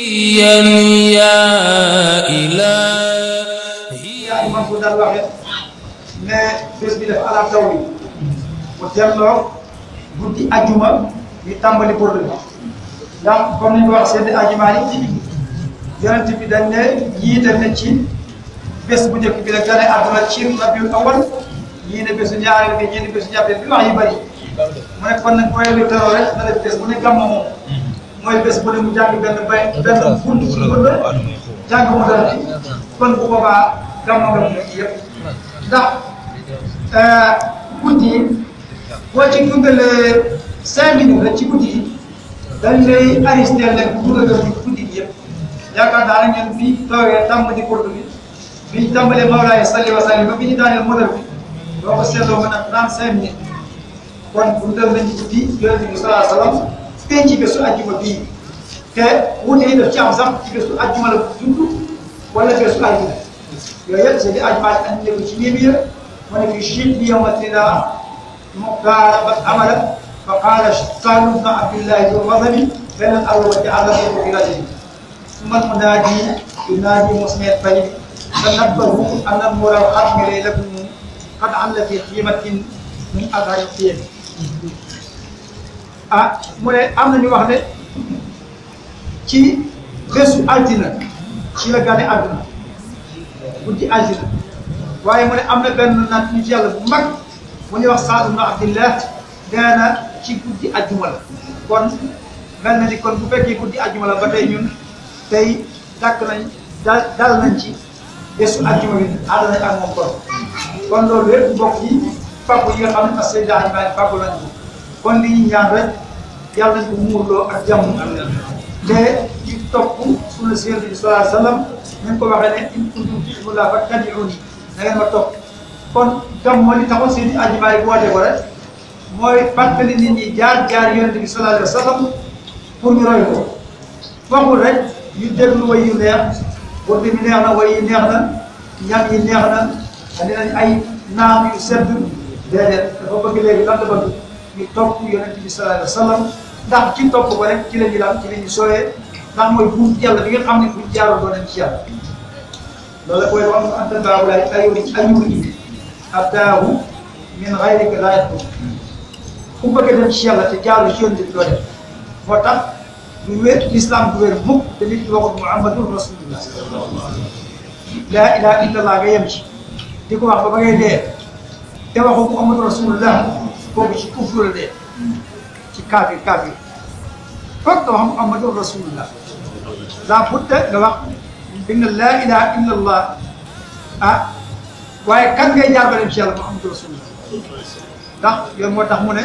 يا إلهي يا إمام بن الوحيد ne bés bi def ala taw yi mu telloo guddi ajuma ñu tàmbali produit ndax comme ni ñu wax seen ajumaa yi ne awal yii ne bésu ñaareel bi ñii ne bésu ñaareel bi wax yu bari mu ne kon nag ne mooy bés bu ne mu jàng benn bay benn bunt ci bële jàng mu dara kon bu boobaa gàmmu nga nekk yëpp ndax euh, guddi yi boo ci dundalee cinq minutes la ci guddi yi dañ lay arrêté leen bu dugal guddi gi yëpp yaakaar naa ne ñun bi toogee tàmm di kurdu bi bi ñu tàmbalee Mawlaay salli wa salli ba bi ñu daaneel modèle bi boo ko seetloo mën a trente cinq minutes kon bu dal nañ ci guddi yonente bi salaa salaam penc bésu àjjuma bii te wute yi daf ci am sax ci bésu àjjuma la juddu wala bésu àjjuma yooyu yëpp c'est di àjjuma yi andi leen ci Libiya mu ne fi jiit li yawma tila muqaarabat amala fa qaala Saalu bnu Abdillahi al-Wasami beneen àll ba ca àll ba ko fi rajo bi su man mu naa di naa di mos meer fay tanabbahu anna mural xatmi laylakum qad alla fi qiimatin min athari ah mu ne am na ñu wax ne ci bésu altine ci la gane àdduna guddi altine waaye mu ne am na benn naat ñu ci yàlla bu mag mu ñuy wax Saad ibn Abdillah nee na ci guddi ajjuma kon mel na ni kon bu fekkee guddi ajjuma la ba tey ñun tey dàkk nañ dal nañ ci bésu ajjuma bi ànd nañ ak moom kon kon loolu yëpp mbokk yi fàggu yi nga xam ne as say daañu bàyyi kon li ñu ñaan rek yàlla ñu muurloo ak jàmm te di topp suñu Yonent bi sallallahu alayhi wa sallam ñu ko waxee ne in kuntum tuhibbuuna Llaaha fattabi'uunii da ngeen ma topp kon gàmmu li taxoon Seydi Hadji Malick woote ko rek mooy fàttali nit ñi jaar jaar Yonent bi sallallahu alayhi wa sallam pour ñu roy ko waxul rek ñu déglu way neex wóor bi neex na way yi neex na ñam yi neex na andi nañ ay naam yu sedd déedéet dafa bëgg léegi lan la bëgg. ñu topp yonent bi sallallahu alayhi wasallam ndax ci topp ko rek ci la ñu lam ci la ñu soyee ndax mooy bu yàlla bi nga xam ne buñ jaaroo doo dem ci yàlla loolu koy wax mu anta daawu laay ni ayu ni abdaahu min ghayrika la yaqul ku bëgg dem ci yàlla te jaaro ci yonent bi doo dem moo tax du wéet l'islam bu mukk te nit ki waxut muhammadur rasulullah la ilaha illallah nga yem ci di ko wax ba ba ngay dee te waxu muhammadu rasulullah kooku ci kufur la dee ci kaafir kaafir foog nga wax muhammadun rasulullah la budda nga wax inna laa ilaha illa allah ah waaye kan ngay jaar ba dem ci yàlla moo tax mu ne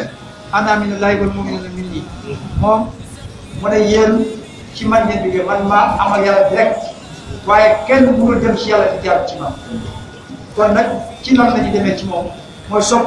ana minallaahi wal mu'minuuna minnii moom mu ne yéen ci man ngeen jógee man maa amal yàlla direct waaye kenn mënul dem ci yàlla di ci man kon nag ci lan la ñu demee ci moom mooy sopp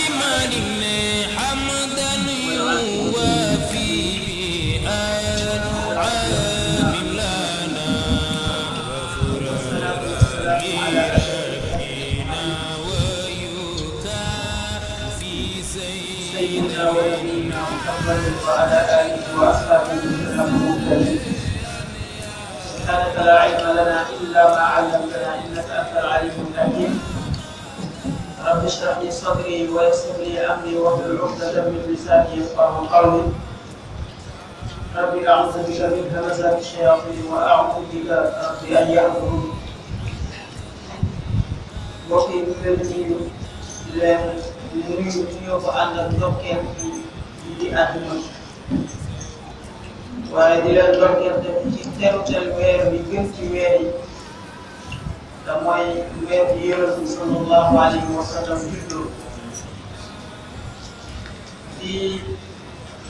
محمد وعلى آله وأصحابه وسلم سبحانك لا علم لنا إلا ما علمتنا إنك أنت العليم الحكيم رب اشرح لي صدري ويسر لي أمري واحلل عقدة من لساني يفقه قولي رب أعوذ بك من همزات الشياطين وأعوذ بك رب أن يحضرون mbokk yi ñu ngi leen di leen di ci waaye di leen dokkeel tamit ci terutel weer bi gën ci weer yi te mooy weer bi yonent bi sallallahu alayhi wa sallam juddoo di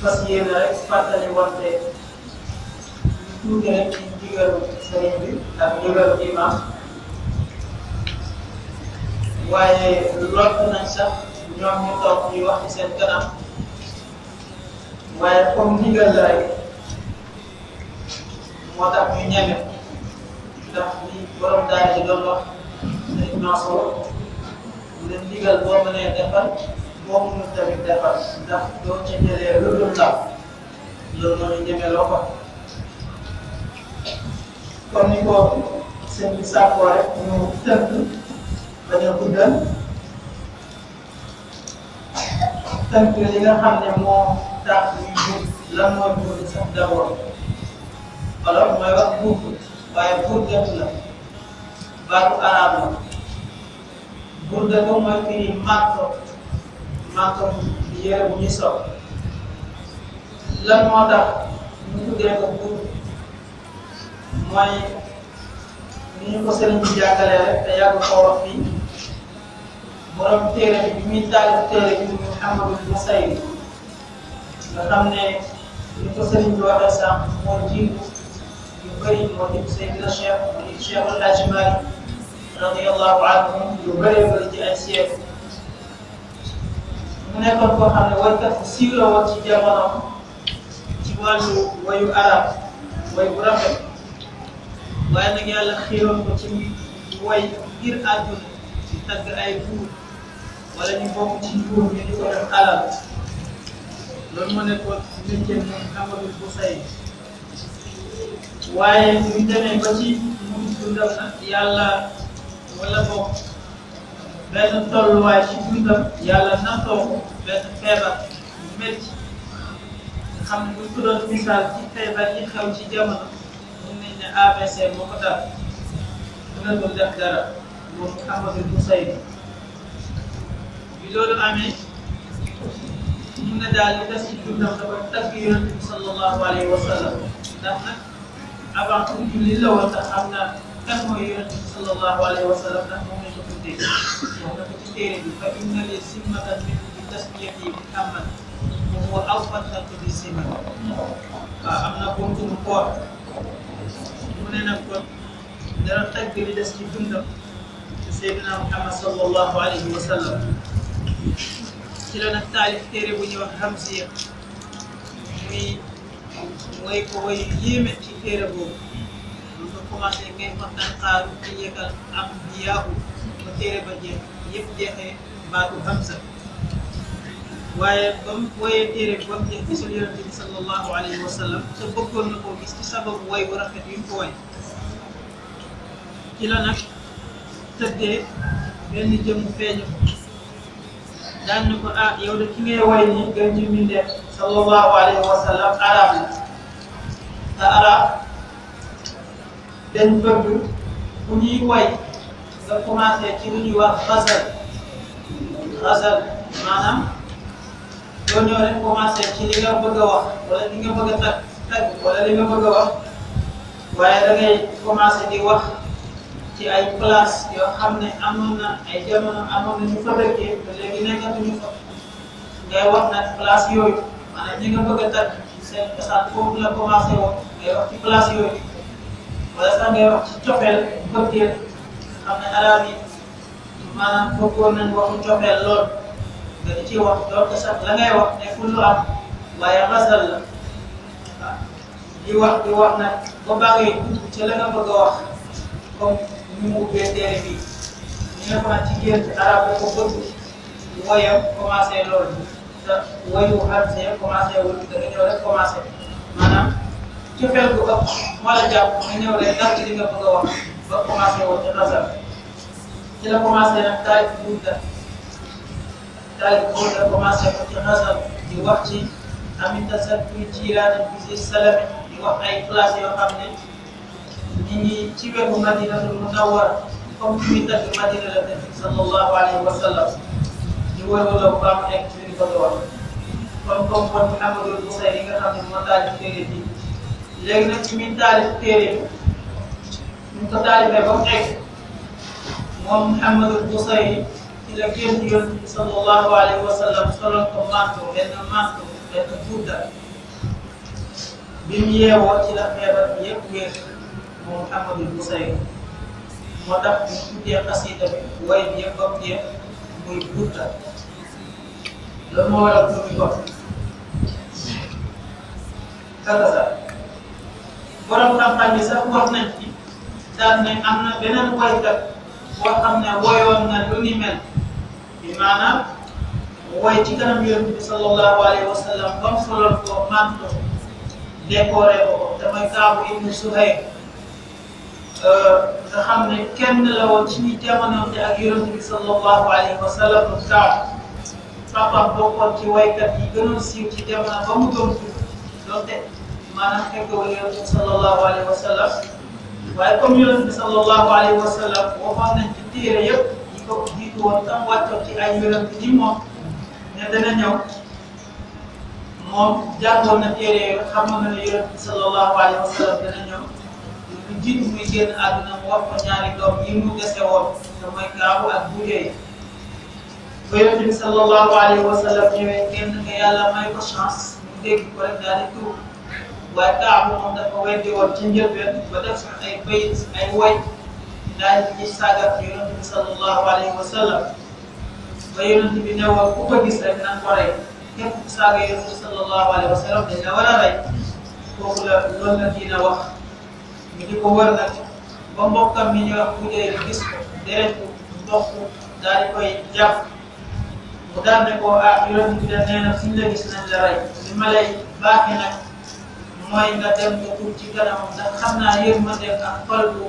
fas yéene rek fàttali wante tuuti rek ci ndigalu sëriñ bi ak waaye lott nañ sax ñoom ñu toog ñuy wax ci đi waaye comme ndigal la rek moo tax ñu ñeme ndax li borom daal di doon wax dañ maa solo ne ndigal boo mënee defal boo mënul tamit defal ndax doo ca jëlee lu dul law loolu mooy ñemeloo ko comme ni ko sëñ bi sàkkoo rek ñu tënk bañ a guddal tënk li nga xam ne moo tax ñuy buur lan mooy buur sax mooy wax buur waaye buur dëkk la baatu arab la buur dëkk mooy firi màtto màtto yére bu ñu sol lan moo mooy ni ñu ko sëriñ bi jàngalee rek te yàgg koo wax fii borom téere bi bi muy tàggat nga xam ne li ko sëriñ bi waxee sànq moo jiitu yu bëri moo jëm Seydina Cheikh di Cheikh El Hadj Malick radiyallahu anhu yu bëree bëri ci ay siècle mu nekkoon koo xam ne waykat bu siiw la woon ci jamonoom ci wàllu wayu arab way bu rafet waaye nag yàlla xiiroon ko ci way ngir àdduna ci tagg ay buur wala ñu bokk ci buur ñu di ko def alal loolu moo nekkoon métier moom xamalul bu say waaye ñu demee ba ci mujj dundam nag yàlla wala boog benn tolluwaay ci dundam yàlla nattoo ko benn feebar bu métti nga xam ne bu ñu misaal ci feebar yi xew ci jamono mun nañ ne ABC moo ko dal mënatul def dara moom xamalul bu say bi loolu amee. mun na daal li des ci jullam dafa tagg yonent bi sallallahu alayhi wa sallam ndax nag avant pour julli la woon sax xam na kan mooy yonent bi sallallahu alayhi wa sallam ndax moom lañ ko tuddee wax na ko ci téere bi fa inna li simmatan min bi tasmiyati muhammad moom moo aw fan na ko di simmat waaw am na buntum koor mu ne nag kon dara tagg li des ci dundam Seydina Muhammad sallallahu alayhi wa sallam سلانا تالي فتيري وني وهمزي وي وي وي يم تيري بو نو كوما سي مي كون تان قارو كي يكال ام دياو وتيري بجي يب جيخه باكو همزه واي بام وي تيري بام جي الله عليه وسلم تو بوكون نكو غيس تي سبب وي ورخت يم daan ni ko ah yow de ki ngay way nii gën ci sallallahu alayhi wa sallam arab la te arab dañ bëgg bu ñuy way nga commencé ci lu ñuy wax xasal xasal maanaam doo ñëw rek ci li nga bëgg wax wala li nga bëgg wax waaye da ngay commencé di wax ci ay place yoo xam ne amoon na ay jamono amoon na ñu fa dëkkee ba léegi nekkatuñu fa ngay wax nag place yooyu maanaam ñi nga bëgg a tagg seen cosaan foofu la commencé woon ngay wax ci place yooyu wala sax ngay wax ci cofeel bëggeel xam ne arab yi maanaam bëggoon nañ waxu cofeel lool nga di ci wax doonte sax la ngay wax nekkul lu am waaye xasal la waaw di wax di wax ba bàggee dugg ca la nga wax comme ñu mu ubbee teere bi ñu ne ko nag ci gént arab ko bëgg woyam commencé loolu te woyu xarse commencé wul da nga ñëw rek commencé maanaam ci fel bu ëpp wala jàpp nga ñëw rek dal ci li nga bëgg wax ba commencé woon ci nasar ci la commencé nag taalif buuta taalif buuta commencé ko ci nasar di wax ci aminta sa kuy jiiraane bi si salami di wax ay place yoo xam ne ñu ngi ci wetu madinatul munawwara comme fi muy tagg madina la def sallallahu alayhi wa sallam ñu wërwala bu baax nekk ci li ko doon kon comme kon Mouhamadul Bousayri yi nga xam ne moo taalif téere bi léegi nag ci muy taalif téere bi ñu ko taalifee ba mu egg moom Mouhamadul Bousayri yi ci la génn yoon bi sallallahu alayhi wa sallam soloon ko manteau benn manteau benn tudda bi mu yeewoo ci la feebar bi yëpp wér Muhammadul Husayn moo tax ñu tuddee xasida bi way bi yëpp comme yëpp muy gudda loolu moo waral tur bi wax kala sax borom xam-xam yi sax wax nañ ci daal ne am na beneen waykat boo xam ne woyoon na lu ni mel bi maanaam woy ci kanam yonent bi sallallahu Alaihi Wasallam, sallam bam solol ko manto décoré ko ko damay kaabu Suhayb nga xam ne kenn la woon ci ñi jamonoonte ak yonent bi sallallahu alayhi wa sallam saa papaam bokkoon ci waykat yi gënoon siiw ci jamono ba mu doon dugg donte maanaam fekk wala yonent bi sallallahu alayhi wa sallam waaye comme yonent bi sallallahu alayhi wa sallam waxoon nañ ci téere yëpp ñi ko jiitu woon tam wàccoon ci ay yonent ni moom ne lu jiitu muy génn àdduna mu wax ko ñaari doom yi mu dese woon te mooy kaabu ak buujee ba yonent bi sallallahu alayhi wa sallam ñëwee kenn ka yàlla may ko chance mu dégg ko rek daal di tuub waaye kaabu moom dafa weddi woon ci njëlbeen ba def sax ay bayit ay woy daal di ñuy saagat yonent bi sallallahu alayhi wa sallam ba yonent bi ne woon ku ko gis rek nan ko rey képp ku saaga yonent bi sallallahu alayhi wa sallam dañ la war a rey kooku la loolu la diina wax. ñi ñu ko wër nag ba mbokkam mi ñu wax bu jëlee gis ko deret ko ndox ko daal di koy jàpp mu daal ne ko ah yonent bi da nee na suñ la gis nañ la ma lay baaxee mooy nga dem nga tuub ci kanamam ndax xam naa yërmande ak xol bu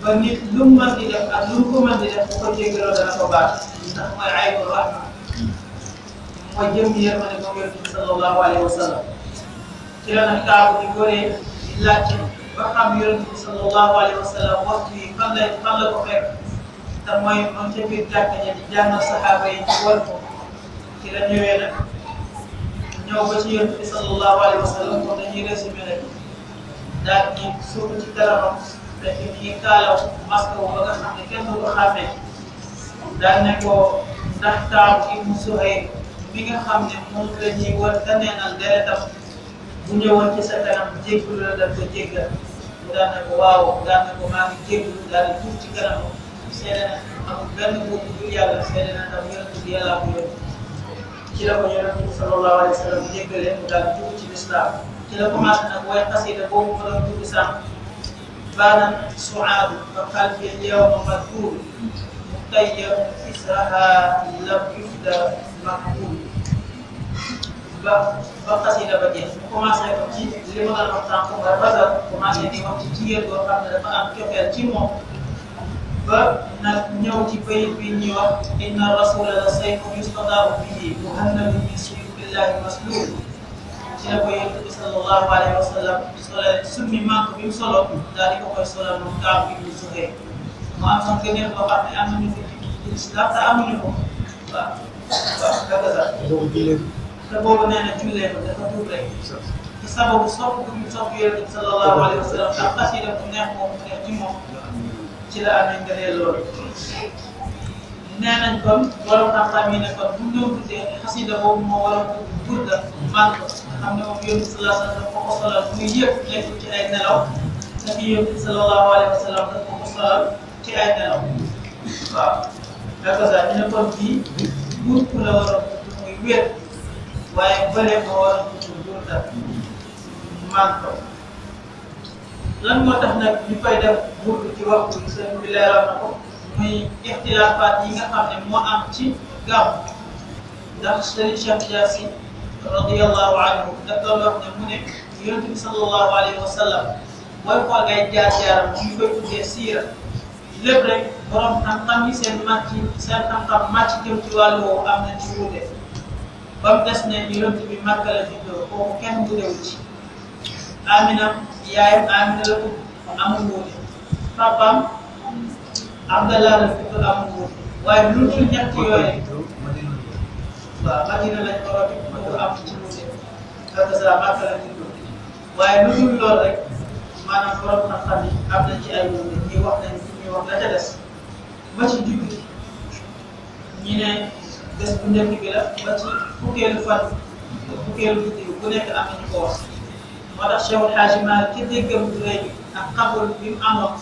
ba nit lu mu di def ak lu mu ko mën di def bu ko jéggaloo dana ko baax ndax mooy aybu rahma mooy jëm yërmande moom yonent bi sallallahu alayhi wa sallam ci la nag taabu di góoree di laajte ba xam yonent bi sallallahu alayhi wa sallam waxtu yi fan la fan la ko fekk te mooy moom ca biir jàkka ja di jàngal saxaaba yi ci war ko ci la ñëwee nag ñëw ba ci yonent bi sallallahu alayhi wa sallam kon dañuy résumé rek daal di suuf ci kanamam daf ñu ngi kaalaw masque wu ba nga xam ne kenn du ko xàmmee daal ne ko ndax taabu ibnu Suhayb bi nga xam ne moom la ñuy war daneenal deretam bu ñëwoon ci sa kanam jéggalu la daf ko jéggal mu daan ko waaw mu daan ko maa ngi jéggalu daal di tuub ci kanam seede na amul benn boobu dul yàlla seede na ndax yonent bi yàllaa ko yóbbu ci la ko yonent bi sallallahu alayhi wa sallam jéggalee mu daal di tuub ci lislaam ci la commencé nag way xasida boobu ma doon tudd sànq baanan suaadu ba xalbi yawma madkuur mu tayyamu israha lam yufda mahmud ba ba xasida ba jeex commencé ko ci li ma la wax sànq nga basal commencé di wax ci jigéen boo xam ne dafa am cofeel ci moom ba nag ñëw ci bayit bi ñuy wax inna rasula la sayfu yustadaaru bihi muhannabi min suyufillahi maslul ci la ko yonent bi sallallahu alayhi wa sallam solo summi mànk bi mu solo daal di ko koy solal moom Kaab ibnu Zuhayr mu am sax gëneel boo xam ne am nañu fi ci islam te amuñu ko waaw waaw dëgg la te boobu nee na jullee ko dafa tuub rek ci sababu sopp bu ñu sopp yonent bi sallallahu alayhi wa sallam ndax xasida bu neex mu neex ci moom ci la amee nee loolu nee nañ kon borom xam-xam yi ne kon bu ñu moo waroon gudda màgg ko xam ne moom yonent bi sallallahu alayhi wa sallam dafa ko solal muy yëpp nekk ci ay nelaw ndax yonent bi sallallahu alayhi wa sallam dafa ko solal ay nelaw waaw. d'accord ça ñu ne kon kii buur waaye bële moo war a dugg man ko moo tax nag ñu koy def burdu ci waxtu bi sëñ bi leeral na ko muy ixtilaafaat yi nga xam ne moo am ci gàmm ndax sëriñ Cheikh Jaasi radiyallahu anhu daf doon wax ne mu ne yonent bi sallallahu alayhi wa sallam booy xool ngay jaar-jaaram ñu koy tuddee siira lépp rek borom xam-xam yi seen màcc seen xam-xam màcc jëm ci wàllu am na ci ba mu des ne yont bi Màkka la juddoo kooku kenn bu réew ci Amina yaayam Amina la tudd amul wuute papaam Abdallah la tudd amul wuute waaye lu dul ñett yooyu waaw Madina lañ ko robi kooku am ci wuute Abdallah Màkka la juddoo waaye lu dul lool rek maanaam borom na xam ne am na ci ay wuute wax nañ ñuy wax la ca des ba ci digg ne. bés bu njëkk bi la ba ci fukkeelu fan fukkeelu guddi bu nekk am nañu ko wax moo tax Cheikh El Hadji Malick ci déggam bu rëy ak xabul bi mu amoon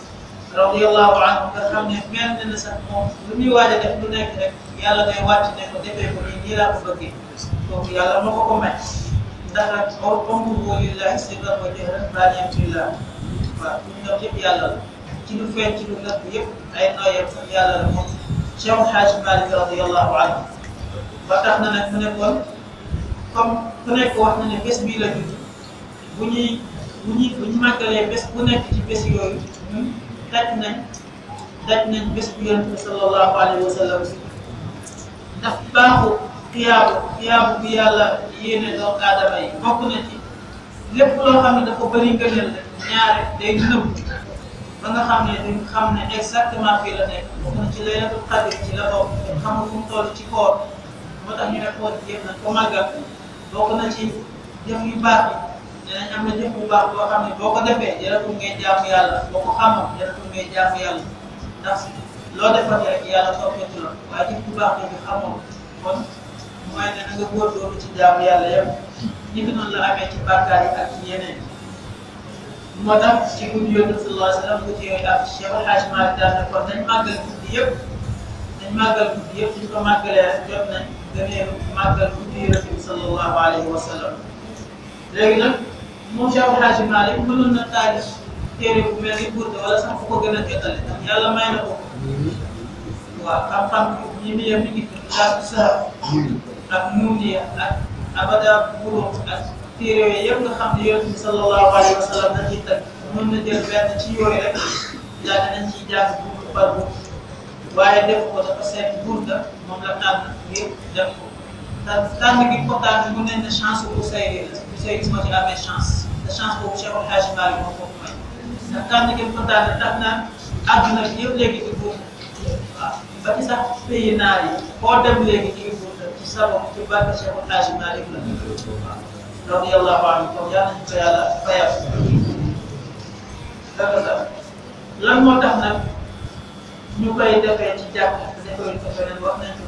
radiyallahu anhu nga xam ne mel na ne sax moom lu muy waaj a def lu nekk rek yàlla ngay wàcc ne ko defee ko nii nii laa ko bëggee donc yàlla moo ko ko may ndax nag boo ombu boo lillahi sirra wa jahra laa yamtillah waaw ñu ñoom yëpp yàlla la ci lu feeñ ci lu nëbb yëpp ay nooyam sax yàlla la moom Cheikh El Hadji Malick radiyallahu anhu ba tax na nag mu ne kon comme ku nekk wax na ne bés bii la bu ñuy bu ñu màggalee bés bu nekk ci bés yooyu ñun hmm, daj nañ daj nañ bés bu yonent bi sallallahu alayhi wa sallam baaxu xiyaabu xiyaabu bi yàlla yéene doomu aadama yi bokk na ci lépp loo xam ne dafa bëri ngëneel rek day nëbb ba nga xam ne duñ xam ne exactement fii la nekk bokk na ci la bokk xamu fu mu toll ci koor moo tax ñu ne koor yëpp nag ko màggal bokk na ci jëf yu baax yi danañ am na jëf bu baax boo xam ne boo ko defee jaratul ngay jaamu yàlla boo ko xamoon jaratul ngay jaamu yàlla ndax loo defati rek yàlla soppeeku la waaye jëf bu baax boobu xamoon kon mooy ne na nga góorgóorlu ci jaamu yàlla yëpp ñi ko noonu la amee ci bàkkaar yi ak ci yeneen moo tax ci guddi yonent sallallahu alayhi wa sallam guddi yooyu ak Cheikh El Hadj Malick daal ne kon dañ màggal guddi yëpp dañ màggal guddi yëpp suñ ko màggalee jot nañ gënee màggal guddi yonent bi sallallahu alayhi wa sallam léegi nag moom Cheikh Alhaji Malick mënoon na taalif téere bu mel ni Burda wala sax fu ko gën a jotale ndax yàlla may na ko waaw xam-xam ñi mu yem mi ngi tudd Zaatu Sahab ak Nuuniya ak Abada Buruq ak téere yooyu yëpp nga xam ne yonent bi sallallahu alayhi wa sallam da ciy tag mën na jël benn ci yooyu rek daal dinañ ciy jàng bu par bu waaye def ko dafa seet Burda moom la tànn yëpp def ko tànn gi ko tànn mu ne chance bu say bu say gis moo ci amee chance te chance boobu Cheikh El Hadj Malick moo ko may ndax tànn gi ko tànn tax na àdduna bi yëpp léegi ci buur waaw ba ci sax pays naar yi boo dem léegi ci buur ci sabab ci barke Cheikh El Hadj Malick la waaw donc yàlla waaw kon yàlla nañu ko yàlla fayal dëgg la lan moo tax nag ñu koy defee ci jàpp ne koy defee wax nañ ko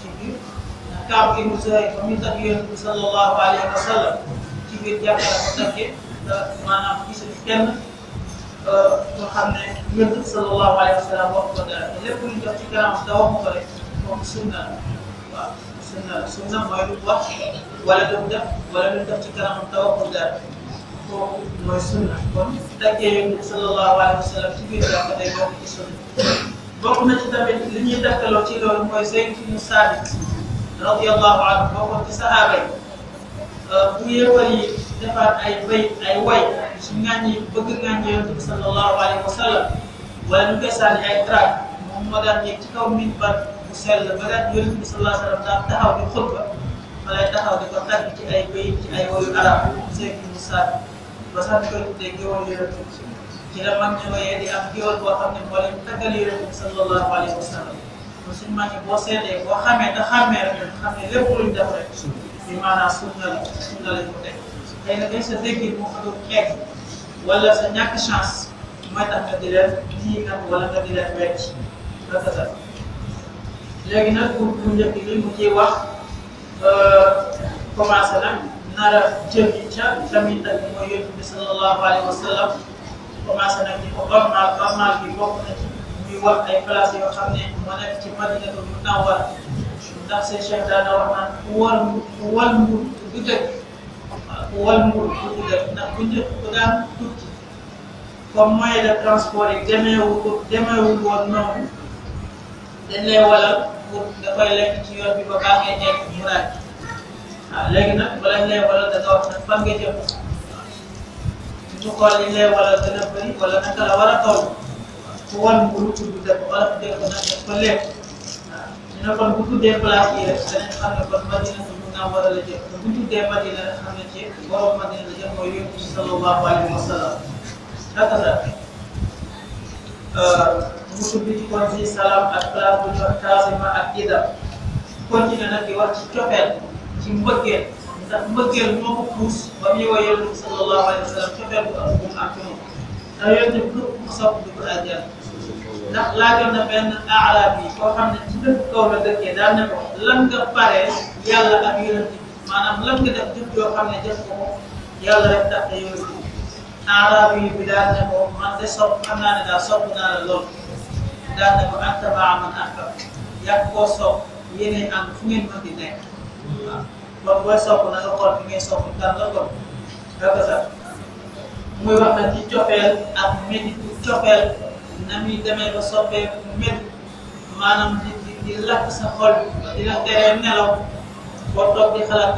Kaab ibnu Zuhayr ba muy takk Yonent bi sallallahu alayhi wa sallam ci biir jàkka la ko takkee maanaam gisuñu kenn nga xam ne Yonent bi sallallahu alayhi wa sallam wax ko dara te lépp luñ jox ci kanam da wax ko rek moom sunna la waaw sunna sunna mooy lu wax wala lu def wala lu def ci kanam da wax ko dara kooku mooy sunna kon takkee Yonent bi sallallahu alayhi wa sallam ci biir jàkka day bokk ci sunna bokk na ci tamit li ñuy dakkaloo ci loolu mooy zeytunu saabit radiyallahu anhu bokkoon ci sahaaba yi euh, bu yéefar yi ay bay ay way su ŋàññi bëgg ŋàññi yonent bi sallallahu alayhi wa wala ñu koy sànni ay trac moom moo daan yéeg ci kaw minbar bu sell ba daan yonent bi sallallahu alayhi wa sallam daan ko tagg ci ay bay ko tuddee géwal yonent bi ci la mag ñooyee am géwal boo xam ne moo leen taggal yonent sallallahu alayhi wa ba suñu mag boo seetee boo xamee te xamee rek nga xam lépp luñ def rek bi maanaam sunna la sunna lañ ko teg xëy na sa déggin moo ko chance mooy tax nga di leen jiital wala nga di leen wecc nag pour bu euh, a jëm yi ca tamit nag mooy yonent bi sallallahu alayhi wa sallam nag di ko normal normal bi bokk di wax ay place yoo xam ne moo nekk ci Madinatul Munawwara ndax seen cheikh daana wax naan ku war ku du dëkk ku war nguur du dëkk ndax bu njëkk bu daan tukki comme moyen de transport yi demeewu ko demeewul woon noonu dañ lay walal pour nga koy lekk ci yoon bi ba baax ngay nekk mu raaj waaw bala ñu lay walal da nga wax nag fan nga jëm ñu xool li ñu lay walal dana bëri wala naka a toll one guru to the all of their collect. Dina kon bu tuddee place kena rek dañu xam ne kon Madina su mu naa war dia la jëm te bu tuddee Madina rek xam ne ci borom Madina la jëm mooy yóbbu ci sallallahu alayhi wa sallam. Naka la mu tudd ci kon si salaam ak place bu ñu wax Kasima ak Ida continué nag di wax ci cofeel ci mbëggeel ndax mbëggeel sallallahu yonte bi lu mu sopp du ko àjjana ndax laajoon na benn aalaab yi koo xam ne ci dëkk kaw la dëkkee daal ne ko lan nga pare yàlla ak yonente bi maanaam lan nga def jëf yoo xam ne def ko yàlla rek tax te yonente bi aalaab yi bi daal ne ko man sok sopp xam naa ne daal sopp naa la lool daal ne ko am fu ngeen mën di nekk waaw kon booy sopp na nga xool fi ngay muy wax nag ci cofeel ak métti cofeel na muy demee ba soppeeku métti maanaam di di lakk sa xol di la teree nelaw boo di xalaat.